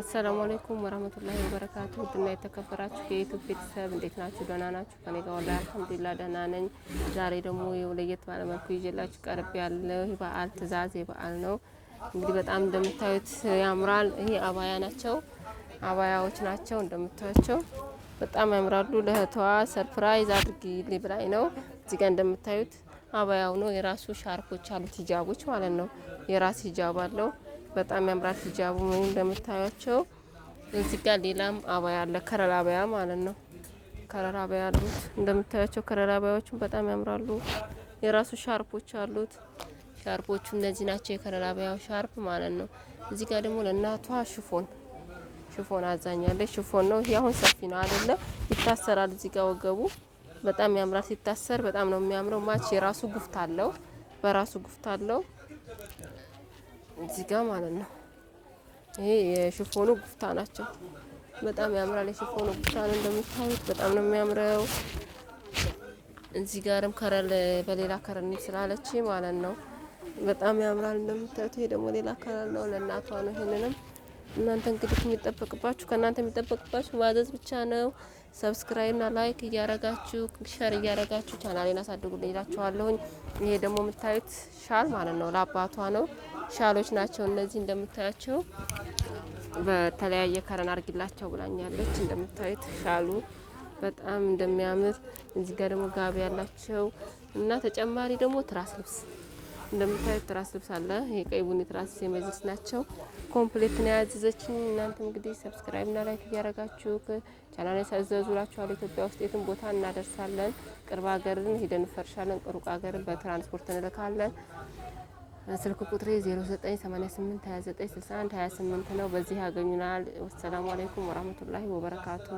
አሰላሙ አለይኩም ወራህመቱላሂ ወበረካቱ። ውድና የተከበራችሁ የዩቱብ ቤተሰብ እንዴት ናችሁ? ደህና ናችሁ? ከኔ ጋር ወላሂ አልሐምዱሊላህ ደህና ነኝ። ዛሬ ደግሞ የውለየት ባለመልኩ ይዤላችሁ ቀርብ ያለው የበዓል ትዕዛዝ የበዓል ነው። እንግዲህ በጣም እንደምታዩት ያምራል። ይሄ አባያ ናቸው፣ አባያዎች ናቸው እንደምታዩቸው በጣም ያምራሉ። ለእህቷ ሰርፕራይዝ አድርጊልኝ ብላኝ ነው። እዚህ ጋር እንደምታዩት አባያው ነው የራሱ ሻርፖች አሉት ሂጃቦች ማለት ነው። የራስ ሂጃብ አለው በጣም ያምራል ሂጃቡ ምን እንደምታያቸው። እዚህ ጋር ሌላም አባያ አለ፣ ከረር አባያ ማለት ነው። ከረር አባያ አሉት እንደምታያቸው። ከረር አባያዎቹም በጣም ያምራሉ። የራሱ ሻርፖች አሉት። ሻርፖቹ እነዚህ ናቸው፣ የከረር አባያው ሻርፕ ማለት ነው። እዚህ ጋር ደግሞ ለእናቷ ሽፎን ሽፎን አዛኛለች። ሽፎን ነው ይሄ። አሁን ሰፊ ነው አይደለ? ይታሰራል። እዚህ ጋር ወገቡ በጣም ያምራል። ሲታሰር በጣም ነው የሚያምረው። ማች የራሱ ጉፍት አለው፣ በራሱ ጉፍት አለው። እዚህ ጋር ማለት ነው። ይሄ የሽፎኑ ጉፍታ ናቸው። በጣም ያምራል። የሽፎኑ ጉፍታ ነው እንደምታዩት፣ በጣም ነው የሚያምረው። እዚህ ጋርም ከረል በሌላ ከረኒ ስላለች ማለት ነው። በጣም ያምራል እንደምታዩት። ይሄ ደግሞ ሌላ ከረል ነው፣ ለእናቷ ነው። ይህንንም። እናንተ እንግዲህ የሚጠበቅባችሁ ከእናንተ የሚጠበቅባችሁ ማዘዝ ብቻ ነው። ና ላይክ እያረጋችሁ ሸር እያረጋችሁ ቻናሌን አሳድጉልኝ እላችኋለሁኝ። ይሄ ደግሞ የምታዩት ሻል ማለት ነው፣ ለአባቷ ነው። ሻሎች ናቸው እነዚህ እንደምታያቸው በተለያየ ከረን አርግላቸው ብላኛለች። እንደምታዩት ሻሉ በጣም እንደሚያምር እዚህ ጋር ደግሞ ጋቢ ያላቸው እና ተጨማሪ ደግሞ ትራስ ልብስ እንደምታዩት ትራስ ልብስ አለ። የቀይ ቡኒ ትራስ የመዝስ ናቸው። ኮምፕሌት ነው ያዘዘችኝ። እናንተ እንግዲህ ሰብስክራይብ እና ላይክ እያረጋችሁ ቻናል ያዘዙላችኋል። ኢትዮጵያ ውስጥ የትም ቦታ እናደርሳለን። ቅርብ ሀገርን ሄደን እንፈርሻለን፣ ሩቅ ሀገርን በትራንስፖርት እንልካለን። ስልክ ቁጥሬ 28 ነው። በዚህ ያገኙናል። ወሰላሙ አለይኩም ወራህመቱላሂ ወበረካቱ